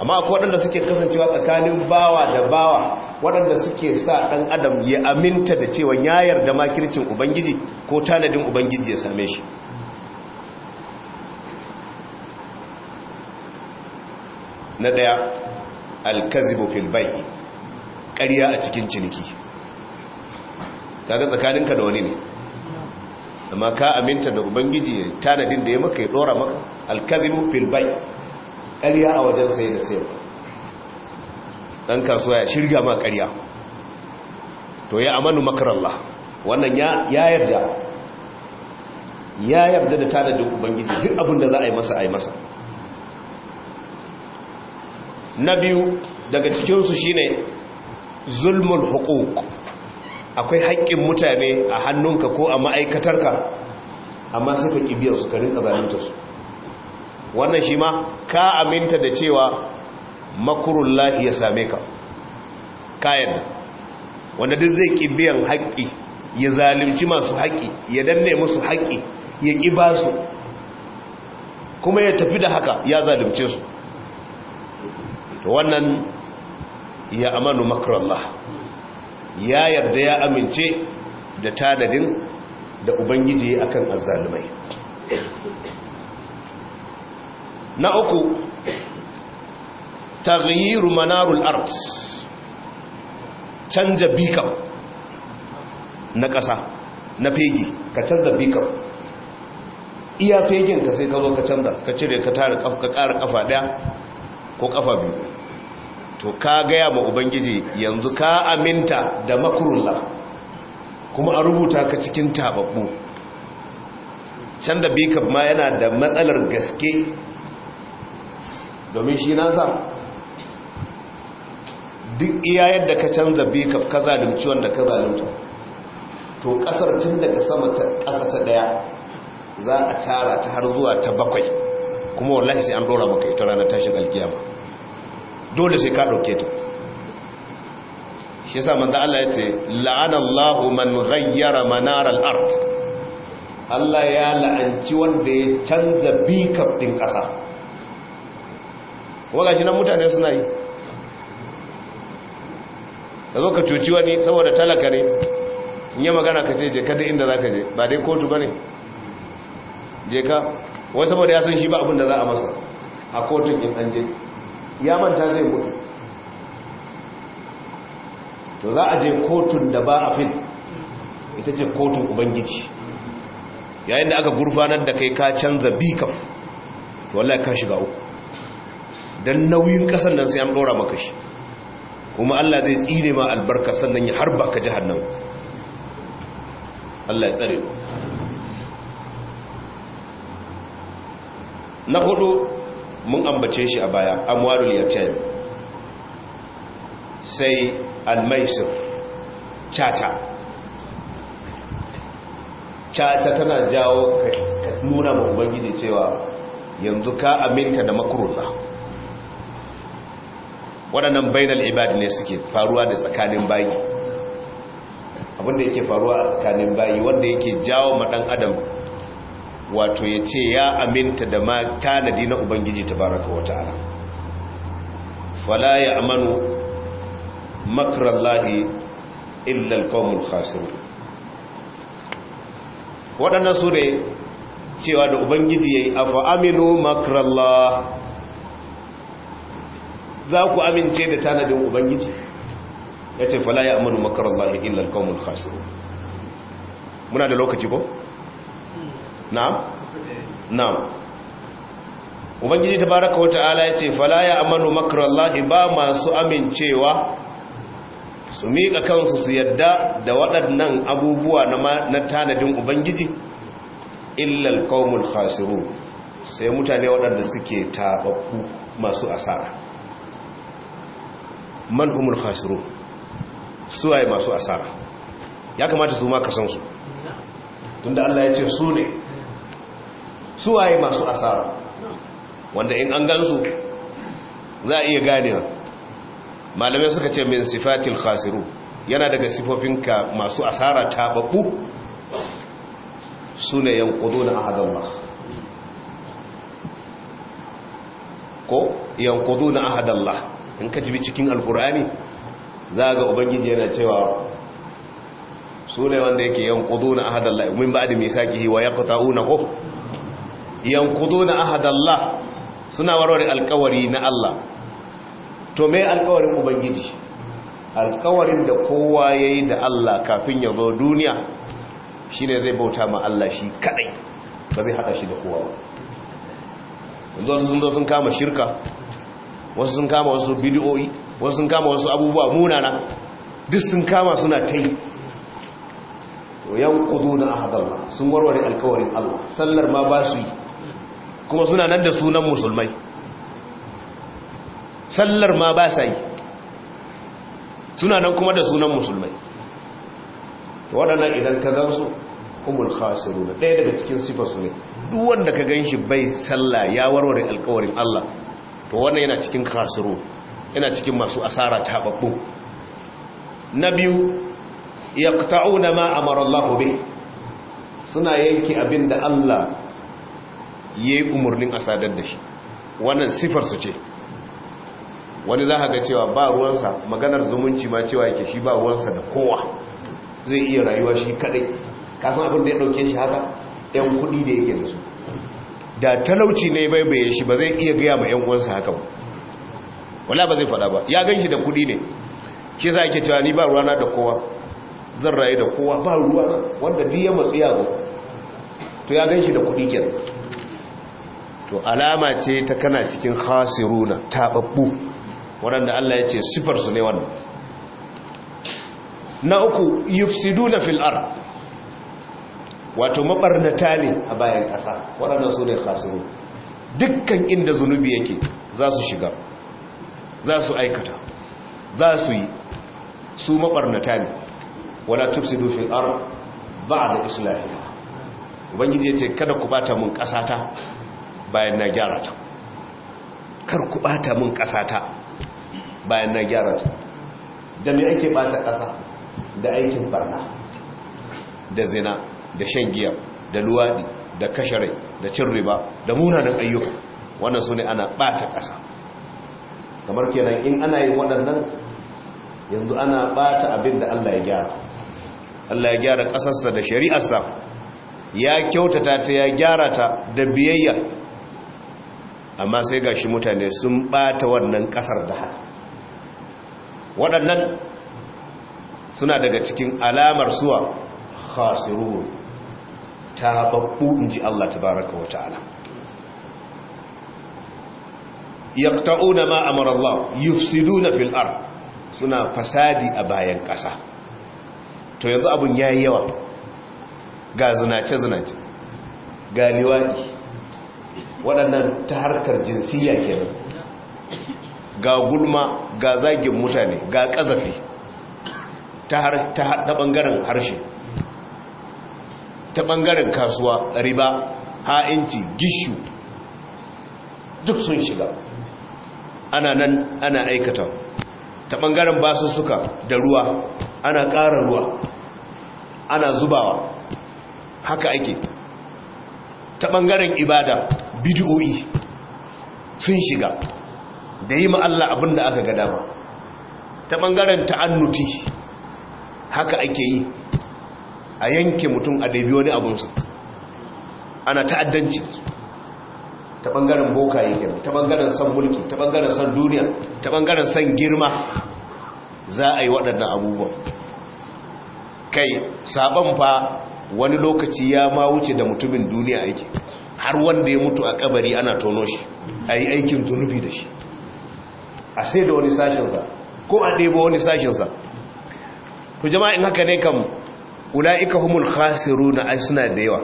amma akwai waɗanda suke kasancewa tsakanin bawa da bawa waɗanda suke sa ɗan adam ya aminta da cewa ya yarda makircin ubangiji ko tanadin ubangiji ya same shi na ɗaya alkazibu fil bai ƙarya a cikin ciniki kaga tsakaninka da wani ne amma ka aminta da ubangiji tanadin da ya maka ya dora maka alkazimu fil ƙarya a wajen sai da sai ɗan kasuwa ya shirga ma ƙarya to ya amanu Allah wannan ya yarda ya yarda da tanadin ubangiji duk abin da za a yi masa a yi masa na biyu daga cikinsu shine zulmul huquq akwai haƙƙin mutane a hannunka ko a ma'aikatarka amma sai ka ƙibiyar su karin ƙazalunta su wannan shi ma ka aminta da cewa makurun lahi ya same ka kayan wanda duk zai ƙibiyar haƙƙi ya zalimci masu haƙƙi ya danne musu haƙƙi ya ƙi ba su kuma ya tafi da haka ya zalimce su wannan ya amanu makurallah ya yarda ya amince da tanadin da ubangiji akan azzalumai na uku taghyiru manarul art canja bikam na ƙasa na fegi ka canza bikam iya fegin ka sai ka zo ka canza ka cire ka tara ka ƙara kafa ɗaya ko ƙafa biyu to ka gaya ma ubangiji yanzu ka aminta da makurulla, kuma a rubuta ka cikin tababbu can da bikab ma yana da matsalar gaske domin shi na sa duk iya yadda ka canza bikaf ka zalimci wanda ka zalimta to kasar tun daga sama ta kasa ta daya za a tara ta har zuwa ta bakwai kuma wallahi sai an dora maka ita ranar tashin alkiyama dole sai ka dauke ta shi saman da Allah ya ce la'anallahu man ghayyara manaral al-ard Allah ya la'anci wanda ya canza bikaf din kasa waga shi nan mutane suna yi da zo ka cuci wani saboda talaka ne in yi magana ka ce je kada inda za ka je ba dai kotu ba ne je ka wai saboda ya san shi ba da za a masa a kotun in an je ya manta zai mutu to za a je kotun da ba a fil ita ce kotun ubangiji yayin da aka gurfanar da kai ka canza bikaf to wallahi ka shiga uku dan nauyin kasan nan sai an dora maka shi kuma Allah zai tsire ma albarka sannan ya harba ka jahannam Allah ya tsare na hudu mun ambace shi a baya amwarul yatim sai almaisir chata chata tana jawo ka nuna ma ubangiji cewa yanzu ka aminta da makurullah waɗannan bainal ibada ne suke faruwa da tsakanin bayi abinda yake faruwa a tsakanin bayi wanda yake jawo madan adam wato ya ce ya aminta da ma tanadi na ubangiji baraka wa ta'ala fala ya amanu makarallahi Illal kawun khasirun waɗannan su ne cewa da ubangiji yi afa aminu makarallah za ku amince da tanadin ubangiji ya ce Falaya amanu makarallahi Illal kawun khasirun muna da lokaci ko na'am na'am ubangiji tabaraka wata'ala yace fala ya amanu makrallahi ba masu amincewa su miƙa kansu su yadda da waɗannan abubuwa na tanadin ubangiji illal qaumul khasirun sai mutane waɗanda suke tababbu masu asara man humul khasirun suwaye masu asara ya kamata su ma ka san su tunda Allah ya ce su ne su waye masu asara wanda in an gansu za a iya ganewa malamai suka ce min sifatil khasiru yana daga sifofinka masu asara tababbu su ne yankuduna ahadallah ko yan yankuduna ahadallah in ka jibi cikin alkur'ani za ga ubangiji yana cewa su ne wanda yake yankuduna ahadallah min ba'di misaqihi wa yaqta'una ko na ahadallah suna warware alkawari na Allah to me alkawarin ubangiji alkawarin da kowa yayi da Allah kafin ya zo duniya shine zai bauta ma Allah shi kadai ba zai hada shi da kowa ba wasu sun zo sun kama shirka wasu sun kama wasu bidiyoyi wasu sun kama wasu abubuwa munana duk sun kama suna kai yan kudu na ahadallah sun warware alkawarin Allah sallar ma ba su yi kuma suna nan da sunan musulmai sallar ma ba sa yi suna nan kuma da sunan musulmai waɗannan idan ka zan su umul khasiru na ɗaya daga cikin su ne duk wanda ka gan shi bai sallah ya warware alkawarin Allah to wannan yana cikin khasiru yana cikin masu asara tababbu na biyu yaqta'una ma amara Allah bi suna yanki abinda Allah ya yi umarnin a sadar da shi wannan su ce wani za a ga cewa ba ruwansa maganar zumunci ma cewa yake shi ba ruwansa da kowa zai iya rayuwa shi kadai kasan abin da ya dauke shi haka yan kudi da yake da su da talauci ne bai bai shi ba zai iya gaya ma yan uwansa haka ba wala ba zai fada ba ya ganshi da kudi ne ke za ke cewa ni ba ruwana da kowa zan rayu da kowa ba ruwana wanda duk ya matsu ya to ya ganshi da kudi kenan to alama ce ta kana cikin khasiruna tababbu waɗanda Allah ya ce sifarsu ne wannan na uku yufsiduna fil ard wato mabarnata ne a bayan ƙasa waɗanda su ne khasiru dukkan inda zunubi yake za su shiga za su aikata za su yi su mabarnata ne wala tufsidu fil ard ba'da islahiha ubangiji ya ce kada ku bata mun ƙasata bayan na gyara ta kar ku bata mun ta, bayan na gyara ta da mai ake bata ƙasa da aikin barna da zina da shan giya da luwaɗi da kashare da cin riba da munanan ayyuka wannan su ne ana bata ƙasa kamar kenan in ana yin waɗannan yanzu ana bata abin da Allah ya gyara Allah ya gyara ƙasarsa da shari'arsa ya kyautata ta ya gyara ta da biyayya amma sai gashi mutane sun bata wannan kasar da waɗannan suna daga cikin alamar suwa khasirun ta babbu inji Allah tabaraka wa ta'ala yaqta'una ma amara Allah yufsiduna fil ard suna fasadi a bayan ƙasa to yanzu abun yayi yawa ga zinace zinace ga liwadi waɗannan ta harkar jinsiya kenan ga gulma ga zagin mutane ga ƙazafi ta ɓangaren harshe ta ɓangaren kasuwa riba ha'inci gishu duk sun shiga ana nan ana aikata ta ɓangaren suka da ruwa ana ƙara ruwa ana zubawa haka ake ta ɓangaren ibada bidiyoyi sun shiga da yi ma'alla abin da aka gada ba ta ɓangaren ta'annuti haka ake yi a yanke mutum a ɗabi wani abunsa ana ta'addanci ta ɓangaren boka yake ta ɓangaren san mulki ta ɓangaren san duniya ta ɓangaren san girma za a yi waɗannan abubuwa kai sabon fa wani lokaci ya ma wuce da mutumin duniya yake har wanda ya mutu a kabari ana tono shi a yi aikin zunubi da shi a sai da wani sashensa ko a ɗebo wani sashensa Ku jama'a in haka ne kam ula'ika humul khasiru na ai suna da yawa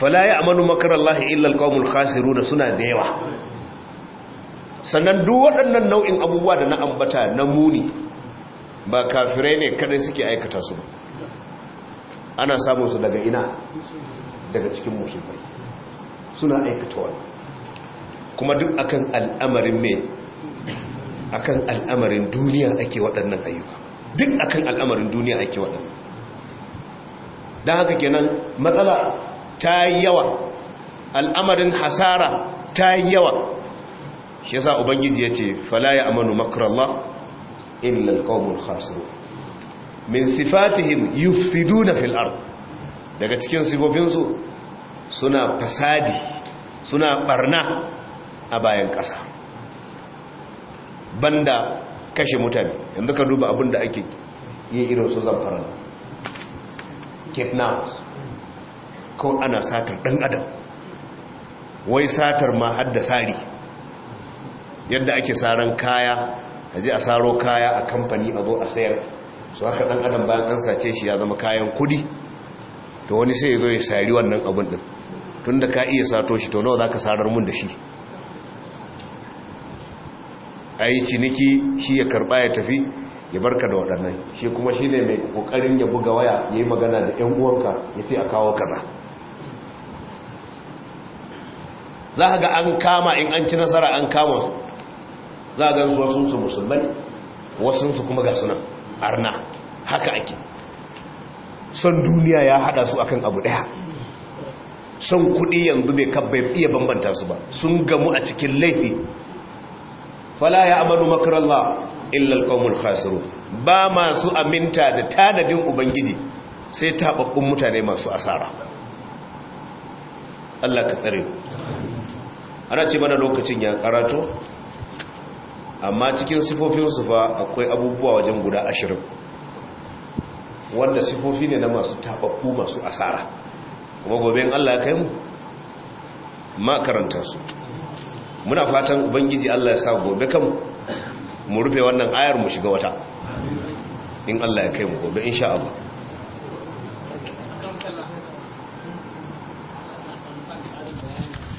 falaye a manu makarar lahi illal kawumul khasiru na suna da yawa sannan duk waɗannan nau'in abubuwa da na ambata na muni ba kafirai ne kadai suke aikata su ba ana samun su daga ina daga cikin musulmai suna aikata kuma duk akan al'amarin mai akan al'amarin duniya ake waɗannan ayyuka duk akan al'amarin duniya ake waɗannan don haka kenan matsala ta yi yawa al'amarin hasara ta yi yawa shi yasa ubangiji ya ce falaya amanu makarallah illa alqawmul khasirun min sifatihim yufsiduna fil ard daga cikin sifofinsu suna fasadi suna barna a bayan ƙasa banda kashe mutane yanzu ka duba abun da ake yi irin su zamfara kidnappers ko ana satar ɗan adam wai satar ma hadda sari yadda ake saran kaya a ji a saro kaya a kamfani a zo a sayar su haka ɗan adam bayan an sace shi ya zama kayan kudi to wani sai ya zo ya sari wannan abin din tun da ka iya sato shi to nawa za ka sarar mun da shi a yi ciniki shi ya karba ya tafi ya barka da waɗannan shi kuma shi ne mai ƙoƙarin ya buga waya ya yi magana da 'yan uwanka ya ce a kawo kaza za ga an kama in an ci nasara an kama su za ga wasu su musulmai wasu su kuma ga suna arna haka ake son duniya ya hada su akan abu daya son kudi yanzu bai kabbai iya bambanta su ba sun gamu a cikin laifi fala ya amanu makarallah illa alqaumul khasiru ba masu aminta da tanadin ubangiji sai tababbun mutane masu asara Allah ka tsare ana ce mana lokacin ya karato amma cikin sifofin su fa akwai abubuwa wajen guda ashirin. wanda sifofi ne na masu tababbu masu asara kuma gobe Allah ya kai mu ma karanta su muna fatan ubangiji Allah ya sa gobe kan mu rufe wannan ayar mu shiga wata in Allah ya kai mu gobe insha Allah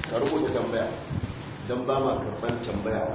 ka rubuta tambaya don ba ma karban tambaya